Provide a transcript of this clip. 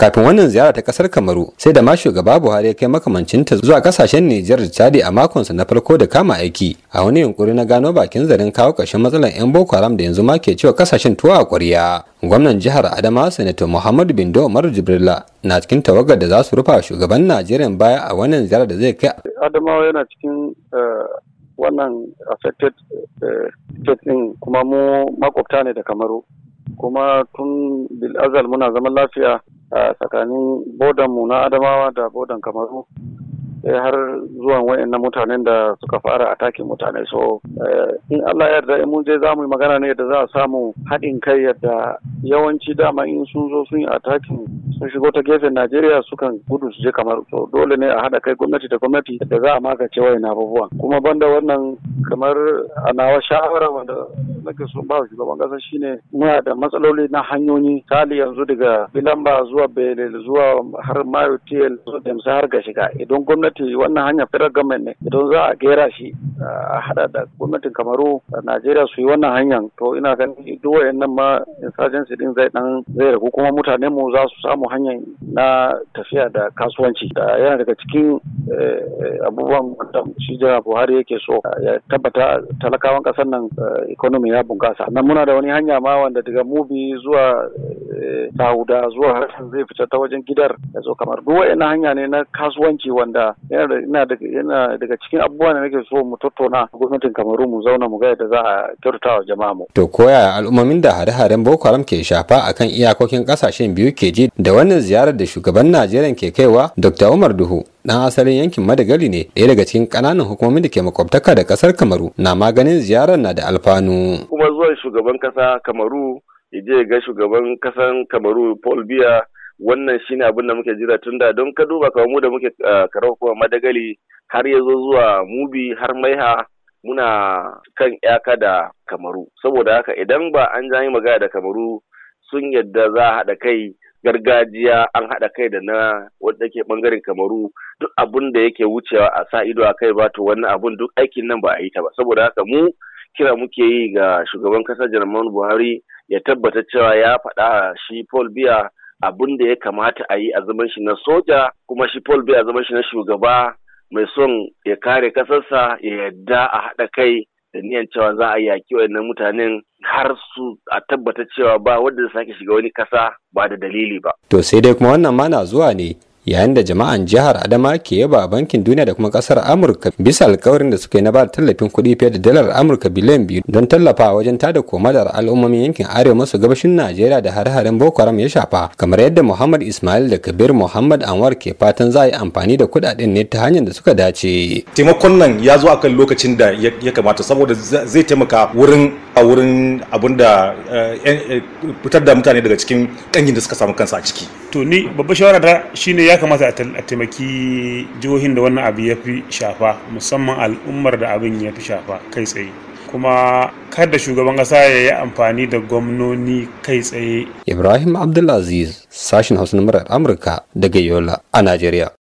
kafin wannan ziyara ta kasar kamaru sai da ma shugaba buhari ya kai makamancinta zuwa kasashen nijar da chadi a makon makonsa na farko da kama aiki a wani yunkuri na gano bakin zarin kawo ƙarshen matsalar yan boko haram da yanzu ma ke cewa kasashen tuwa a ƙwarya gwamnan jihar adama sanato muhammadu bindo umar jibrila na cikin tawagar da za su rufa shugaban najeriya baya a wannan ziyara da zai kai adamawa yana cikin eh, wannan affected eh, state din kuma mu makwabta ne da kamaru kuma tun bil azal muna zaman lafiya tsakanin bodan mu na adamawa da bodan kamaru eh, har zuwan wayannan mutanen da suka fara a takin mutane so eh, in Allah ya yarda in mun je za mu yi magana ne yadda za a samu haɗin kai yadda yawanci dama in sun zo sun yi attacking sun shigo ta gefen Najeriya sukan gudu su je kamar so dole ne a haɗa kai gwamnati da gwamnati da za a magance wayan abubuwan kuma banda wannan kamar a nawa shawara wanda nake sun ba shugaban kasa shine muna da matsaloli na hanyoyi tali yanzu daga Bilamba zuwa Belel zuwa har Mayo TL zuwa Demsa har Gashiga idan gwamnati wannan hanya federal government ne idan za a gera shi a haɗa da gwamnatin Kamaru Najeriya su yi wannan hanyar to ina ganin duk wayannan ma insurgency taxi din zai dan zai ragu kuma mutanen mu za su samu hanyar na tafiya da kasuwanci da yana daga cikin eh, abubuwan da shi jira Buhari yake so eh, ya tabbata talakawan kasar nan eh, economy ya bunkasa nan muna da wani hanya ma wanda daga mubi zuwa sauda zuwa harshen zai fita ta wajen gidar ya zo kamar duk wa'annan hanya ne na kasuwanci wanda yana daga cikin abubuwan da nake so mu tattauna gwamnatin kamaru mu zauna mu ga yadda za a kyautata wa jama'a mu to koya al'ummomin da hare-haren boko haram ke shafa akan iyakokin kasashen biyu ke ji da wannan ziyarar da shugaban najeriya ke kaiwa dr umar duhu dan asalin yankin madagali ne ɗaya daga cikin ƙananan hukumomin da ke makwabtaka da ƙasar kamaru na maganin ziyarar na da alfanu kuma zuwan shugaban kasa kamaru ije ga shugaban ƙasan kamaru paul biya wannan shine abin da muke jira tun da don ka duba kamar mu da muke karar hukumar madagali har ya zo zuwa mubi har maiha muna kan yaka da kamaru saboda haka idan ba an ji magana da kamaru sun yadda za a haɗa kai gargajiya an haɗa kai da na wanda ke ɓangaren kamaru duk abun da yake wucewa a sa ido a kai ba to wannan abun duk aikin nan ba a yi ta ba saboda haka mu kira muke yi ga shugaban ƙasar janar buhari ya tabbata cewa ya faɗa shi paul biya abin da ya kamata a yi a zaman shi na soja kuma shi paul biya a zaman shi na shugaba mai son ya kare kasarsa ya yadda a haɗa kai da niyan cewa za a yaki waɗannan mutanen har su a tabbata cewa ba wanda zai sake shiga wani kasa ba da dalili ba. To sai dai kuma wannan mana zuwa ne yayin da jama'an jihar adama ke yaba bankin duniya da kuma kasar amurka bisa alkawarin da suka yi na ba da tallafin kuɗi fiye da dalar amurka biliyan biyu don tallafa wajen tada komadar al'ummomin yankin arewa maso gabashin najeriya da hare-haren boko haram ya shafa kamar yadda muhammad ismail da kabir muhammad anwar ke fatan za a yi amfani da kuɗaɗen ne ta hanyar da suka dace taimakon nan ya zo akan lokacin da ya kamata saboda zai taimaka wurin a wurin abun da eh, eh, fitar da mutane daga cikin ƙangin da suka samu kansu a ciki to ni babbar shawara da shine ya kamata a taimaki jihohin da wannan abu ya fi shafa musamman al'ummar da abin ya fi shafa kai tsaye kuma kada shugaban ƙasa ya yi amfani da gwamnoni kai tsaye ibrahim abdulaziz sashin hausa na murar amurka daga yola a najeriya